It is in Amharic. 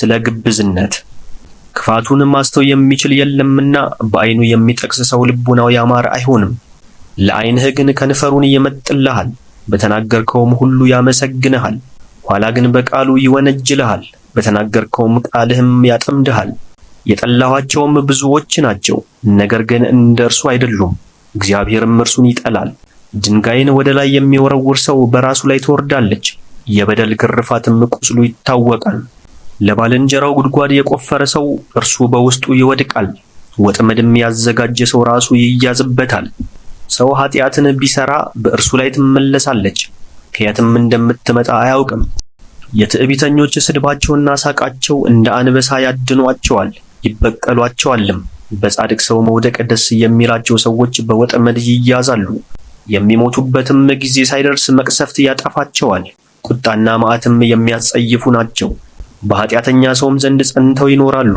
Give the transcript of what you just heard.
ስለ ግብዝነት ክፋቱን ማስተው የሚችል የለምና በአይኑ የሚጠቅስ ሰው ልቡናው ያማረ አይሆንም። ለአይንህ ግን ከንፈሩን ይመጥልሃል፣ በተናገርከውም ሁሉ ያመሰግንሃል። ኋላ ግን በቃሉ ይወነጅልሃል፣ በተናገርከውም ቃልህም ያጠምድሃል። የጠላኋቸውም ብዙዎች ናቸው፣ ነገር ግን እንደርሱ አይደሉም። እግዚአብሔርም እርሱን ይጠላል። ድንጋይን ወደ ላይ የሚወረውር ሰው በራሱ ላይ ትወርዳለች፣ የበደል ግርፋትም ቁስሉ ይታወቃል። ለባልንጀራው ጉድጓድ የቆፈረ ሰው እርሱ በውስጡ ይወድቃል፣ ወጥመድም ያዘጋጀ ሰው ራሱ ይያዝበታል። ሰው ኃጢአትን ቢሰራ በእርሱ ላይ ትመለሳለች፣ ከየትም እንደምትመጣ አያውቅም። የትዕቢተኞች ስድባቸውና ሳቃቸው እንደ አንበሳ ያድኗቸዋል፣ ይበቀሏቸዋልም። በጻድቅ ሰው መውደቅ ደስ የሚላቸው ሰዎች በወጥመድ ይያዛሉ፣ የሚሞቱበትም ጊዜ ሳይደርስ መቅሰፍት ያጠፋቸዋል። ቁጣና መዓትም የሚያጸይፉ ናቸው። በኃጢአተኛ ሰውም ዘንድ ጸንተው ይኖራሉ።